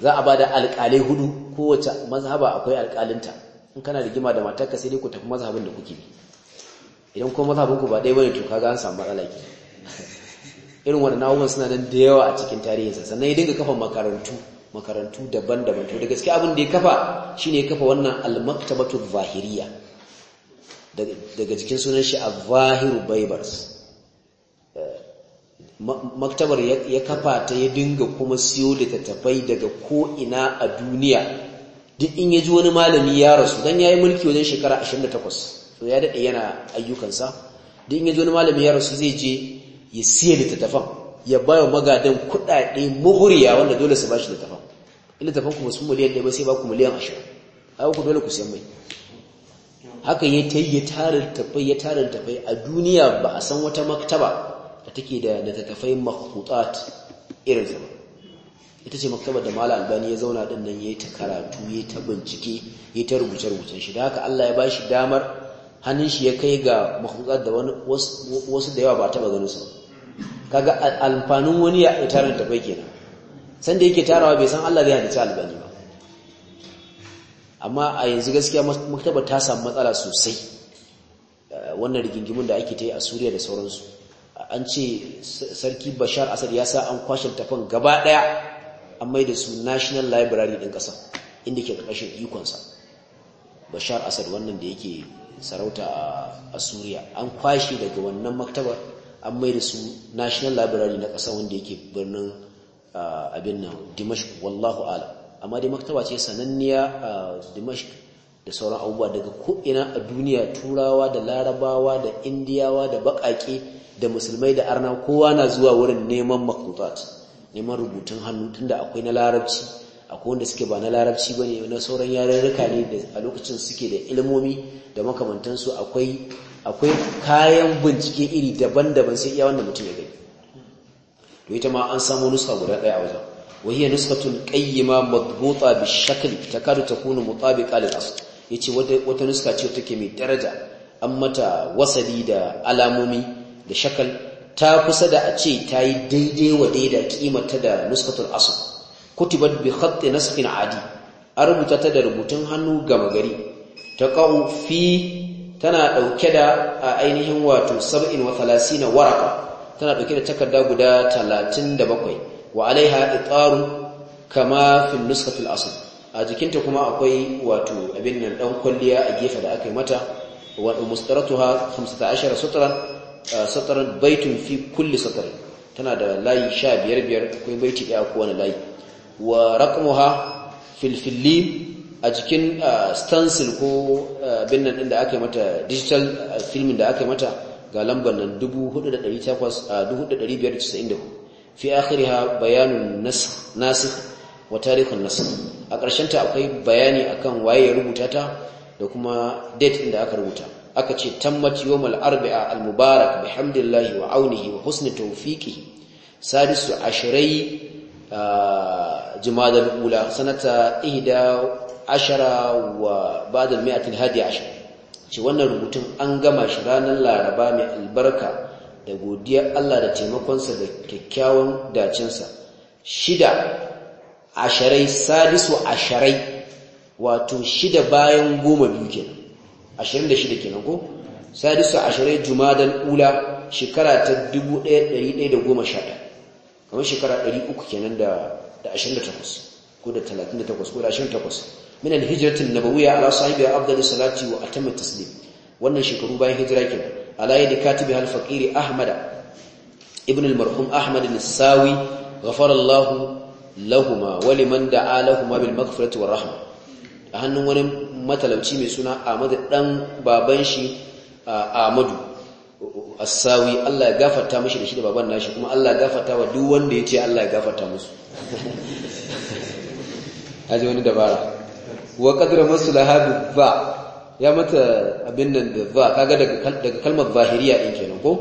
za a bada alƙalai hudu kowace mazhaba akwai alƙalinta in kana rigima da matarka sai dai ku tafi mazhabin da kuke bi idan kuma maza ku ba ɗaya bane to kaga an samu matsala ke irin waɗannan abubuwan suna nan da yawa a cikin tarihinsa sannan ya dinga kafa makarantu makarantu daban-daban to da gaske abin da ya kafa shine ya kafa wannan al-maktabatu daga cikin sunan shi al-zahiru baibars eh, maktabar ya kafa ta ya dinga kuma siyo littattafai daga ko ina a duniya duk in ya ji wani malami ya rasu dan yi mulki wajen shekara 28 so ya daɗe yana ayyukansa duk in ya zo malami ya rasu zai je ya siya littattafan ya ba magadan kuɗaɗe muhuriya wanda dole su ba shi littattafan in littattafan ku musu miliyan ɗaya ba sai ba ku miliyan ashirin a ku dole ku siyan mai haka ya ta ya tara littattafai ya tara littattafai a duniya ba a san wata maktaba da take da littattafai mahutat irin zama ita ce maktaba da mala albani ya zauna ɗin nan ya yi ta karatu ya ta bincike ya ta rubuce-rubucen shi da haka allah ya ba shi damar hannun shi ya kai ga makhlukat da wasu da yawa ba taba ganin su kaga alfanun wani ya tara littafai kenan san da yake tarawa bai san Allah zai hadisa albani ba amma a yanzu gaskiya maktaba ta samu matsala sosai eh, wannan rigingimin da ake ta yi a Suriya da sauransu an ce sarki Bashar assad ya sa an kwashe littafan gaba daya an mai da su National Library din kasa inda ke karkashin ikonsa Bashar Asad wannan da yake sarauta a Suriya an kwashe daga wannan maktabar an mai da su National Library na kasa wanda yake birnin abin nan Dimashq wallahu a'lam amma dai maktaba ce sananniya a Dimashq da sauran abubuwa daga ko'ina a duniya turawa da larabawa da indiyawa da baƙaƙe da musulmai da arna kowa na zuwa wurin neman makutat neman rubutun hannu tunda akwai na larabci akwai wanda suke ba na larabci ba ne na sauran yarurruka ne da a lokacin suke da ilimomi. da makamantansu akwai akwai kayan bincike iri daban-daban sai iya wanda mutum ya gani to ita ma an samu nuska guda ɗaya a wajen وهي نسخة ta مضبوطة بالشكل تكاد تكون asu. Ya ce wata nuska ce ke mai daraja an mata wasali da alamomi da shakal ta kusa da a ce ta yi daidai wa daida kimata da nuskatul asu kutibat bi khatti nasfin adi an rubuta ta da rubutun hannu gama gari taqau fi tana dauke da a ainihin wato 37 waraka tana dauke da takarda guda 37 wa alaiha iqaru kama fi nuskhati asl a jikinta kuma akwai wato abin nan dan kulliya a gefe da aka yi mata wa mustaratuha 15 satran satran baitun fi kulli satr tana da layi 15 biyar akwai baiti daya kowane layi wa raqmuha fil fillin a jikin uh, stencil ko uh, bin nan da aka yi mata digital uh, filmin da aka yi mata ga lambar nan 4594 fi ha bayanin nasi wa tarihin nasi a ƙarshen ta akwai bayani akan waye ya rubuta ta da kuma date inda aka rubuta aka ce tammat yawmal a al-mubarak bihamdillahi wa aunihi wa husni taufiki sadisu ashirai ashrai da ula sanata ihda ashara wa badal mi'atil hadi ashar ce wannan rubutun an gama shi ranar laraba mai albarka da godiyar Allah da taimakonsa da kyakkyawan dacinsa. shida asharai sadisu asharai wato shida bayan goma biyu kenan ashirin da shida kenan ko sadisu asharai jumadan ula shekara ta dubu da goma 1111 kamar shekara uku kenan da ashirin da takwas ko da talatin da takwas ko da ashirin takwas. min al-hijrati an-nabawiyya ala sahibiha afdalu salati wa atammu taslim wannan shekaru bayan hijira kenan ala yadi katibi al-faqiri ahmad ibn al-marhum ahmad an-sawi ghafara Allah lahumma wa liman da'a lahumma bil maghfirati war rahma a hannun wani matalauci mai suna Ahmad dan baban shi Ahmadu asawi Allah ya gafarta mishi da shi da baban nashi kuma Allah ya gafarta wa duk wanda ya ce Allah ya gafarta musu aje wani dabara wa qadra maslaha bi ba ya mata abin nan da ba kaga daga daga kalmar zahiriya din kenan ko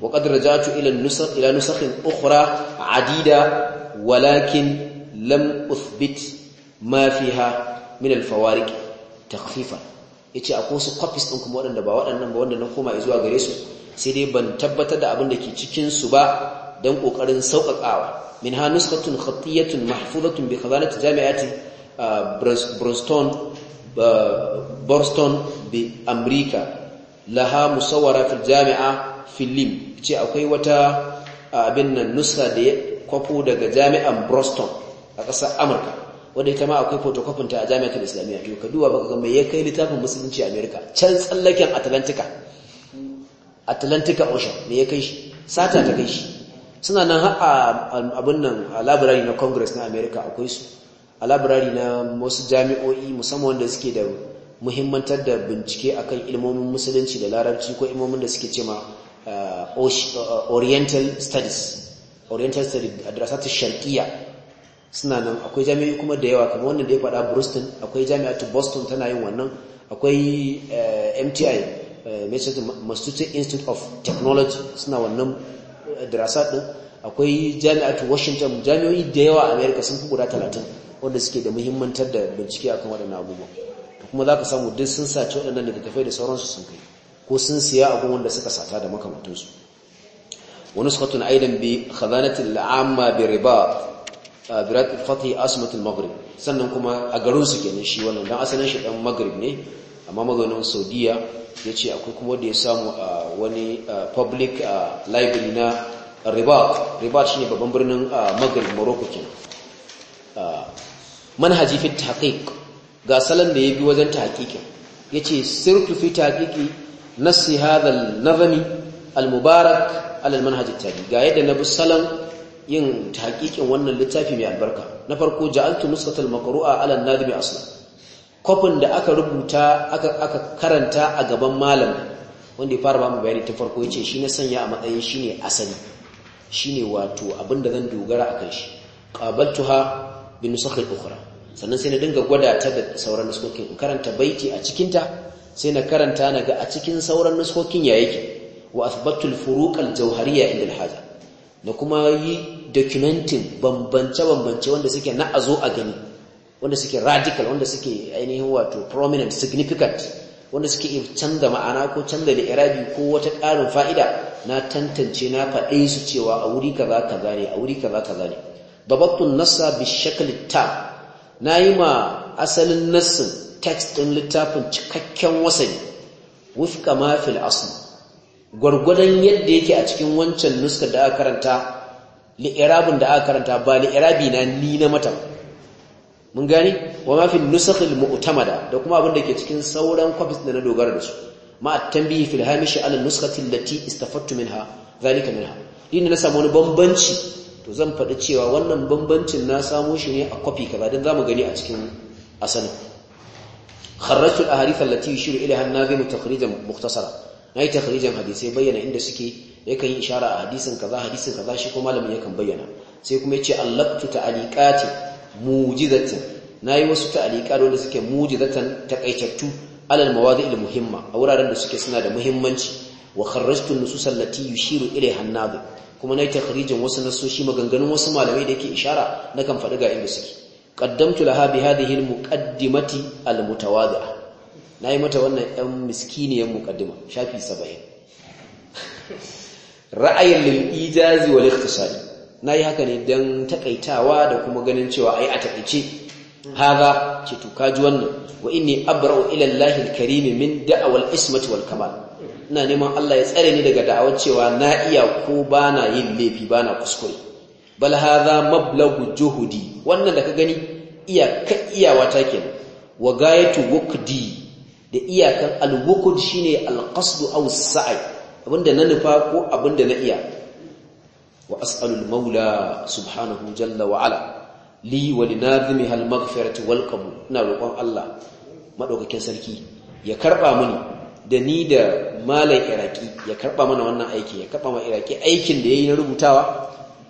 wa qad raja'tu ila nusakh ila nusakh ukhra adida walakin lam uthbit ma fiha min al-fawariq takhfifan yace akwai su copies din kuma waɗanda ba waɗannan ba wanda na koma zuwa gare su sai dai ban tabbatar da abin da ke cikin su ba dan kokarin sauƙaƙawa minha nuskatun khatiyatun mahfuzatun bi khazanati jami'ati Uh, uh, Boston da Amurka laha musawara fil jami'a filim ce akwai wata uh, abin nan nusa da ya kwafo daga jami'an Boston a ƙasar Amurka wadda ita ma akwai fotokofinta a jami'ar Islamiyya to ka duwa baka ga mai ya kai littafin musulunci a Amerika can tsallaken Atlantika Atlantika Ocean me ya kai shi sata ta kai shi suna nan har abin nan a library na Congress na Amerika akwai su a labirari na wasu jami'o'i musamman wanda suke da muhimmantar da bincike akan ilmomin musulunci da larabci ko ilmomin da suke ce ma uh, uh, oriental studies oriental studies a darasatu sharqiyya suna nan akwai jami'o'i kuma da yawa kamar wannan da ya faɗa Boston akwai jami'a ta Boston tana yin wannan akwai uh, MTI Massachusetts Institute of Technology suna wannan darasa din akwai ta Washington jami'o'i da yawa a America sun fi guda talatin. wanda suke da muhimmantar da bincike akan waɗannan abubuwa to kuma zaka samu duk sun sace waɗannan littattafai da sauransu sun kai ko sun siya abun wanda suka sata da makamantansu wa nuskhatun aidan bi khazanati la'amma bi riba birat al-fathi maghrib sannan kuma a garin su kenan shi wannan dan asalin shi dan maghrib ne amma mazaunin saudiya ya ce akwai kuma wanda ya samu a wani public library na ribat ribat shine babban birnin maghrib morocco kenan manhaji fi tahqiq ga salon da ya bi wajen tahqiqin yace sirtu fi tahqiqi nassi hadha al-nazmi al-mubarak ala al-manhaj at-tabi ga yadda nabi salon yin tahqiqin wannan littafi mai albarka na farko ja'altu nusratal maqru'a ala an-nadimi aslan kofin da aka rubuta aka aka karanta a gaban malam wanda ya fara ba mu bayani ta farko yace shi na sanya a matsayin shine asali shine wato abinda zan dogara akan shi qabaltuha bin nusakhin ukhra sannan sai na dinga gwada ta da sauran nuskokin in karanta baiti a cikin ta sai na karanta na ga a cikin sauran nuskokin ya yake wa athbattu al-furuq al-jawhariyya inda al-haja da kuma yi documenting bambance bambance wanda suke na azo a gani wanda suke radical wanda suke ainihin wato prominent significant wanda suke canza ma'ana ko canza da irabi ko wata ƙarin fa'ida na tantance na faɗe su cewa a wuri kaza kaza ne a wuri kaza kaza ne dabattun nasa bi shakli na yi ma asalin nassin text ɗin littafin cikakken wasani wufka ma fil gwargwadon yadda yake a cikin wancan nuska da aka karanta li'irabin da aka karanta ba li'irabi na ni na mata mun gani wa ma fi nusakhil mu'tamada da kuma abin da ke cikin sauran kwafis da na dogara da su ma at-tanbihi fil hamish ala nuskhati allati istafattu minha zalika minha din na samu wani bambanci to zan faɗi cewa wannan bambancin na samo shi ne a kwafi kaza don za mu gani a cikin asali kharrajul ahadith allati yushiru ilayha an-nazim takhrijan mukhtasara nayi takhrijan hadisi bayyana inda suke yakan yi ishara a hadisin kaza hadisin kaza shi kuma malamin yakan bayyana sai kuma yace allabtu ta'aliqati mujizatin nayi wasu ta'aliqat wanda suke mujizatan takaitattu alal mawadi'il muhimma a wuraren da suke suna da muhimmanci wa kharrajtu an-nusus allati yushiru ilayha an-nazim kuma na takhrijin wasu nasoshi maganganun wasu malamai da yake ishara na kan faɗi ga inda suke qaddamtu laha bi hadhihi almuqaddimati almutawadhi'a nayi mata wannan ɗan miskiniyar muqaddima shafi 70 ra'ayin lil ijazi wal ikhtisari nayi haka ne dan takaitawa da kuma ganin cewa ai a takaice haza ce to kaji wannan wa inni abra'u ila allahi alkarim min da'awal ismati wal kamal ina neman Allah ya tsare ni daga da'awar cewa na iya ko bana yin laifi bana kuskure bal hadha mablagu juhudi wannan da ka gani iya ka iyawa ta ke wa gayatu wukdi da iyakan alwukud shine alqasdu aw sai abinda na nufa ko abinda na iya wa as'alul maula subhanahu jalla wa ala li wa linazimiha hal maghfirati wal qabul ina roƙon Allah madaukakin sarki ya karba mani. da ni da malam iraki ya karba mana wannan aiki ya karba mana iraki aikin da yi na rubutawa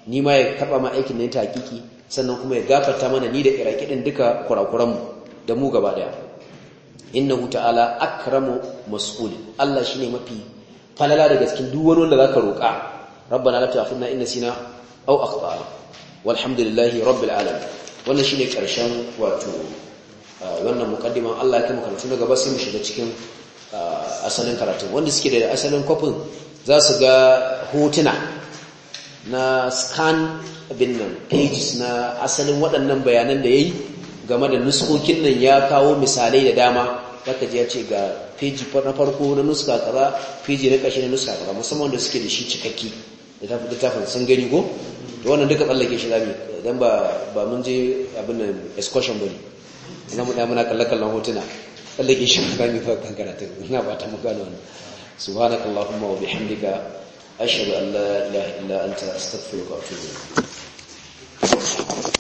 ni ma ya karba ma aikin da ya hakiki sannan kuma ya gafarta mana ni da iraki ɗin duka kurakuranmu da mu gaba daya hu ta'ala akramu mas'ul Allah shine mafi falala da gaskin duk wani wanda zaka roka rabbana la tu'akhidna in nasina aw akhtana walhamdulillahi rabbil alamin wannan shine karshen wato uh, wannan muqaddiman Allah ya kuma karatu daga ba sai mu shiga cikin Uh, asalin karatu wanda suke da asalin kwafin za su ga hotuna na scan abin nan pages na asalin waɗannan bayanan da ya yi game da nuskokin nan ya kawo misalai da dama zaka ji ya ce ga page na farko na nuska kaza page na ƙashi na nuska kaza musamman da suke da shi cikakke da littafin sun gani ko da wannan duka tsallake shi zami dan ba mun je abin nan excursion bane ina mu da muna kallakan hotuna الذي شهدني فوق كنكرته نبع تمكنون سبحانك اللهم وبحمدك أشهد أن لا إله إلا أنت أستغفرك وأتوب إليك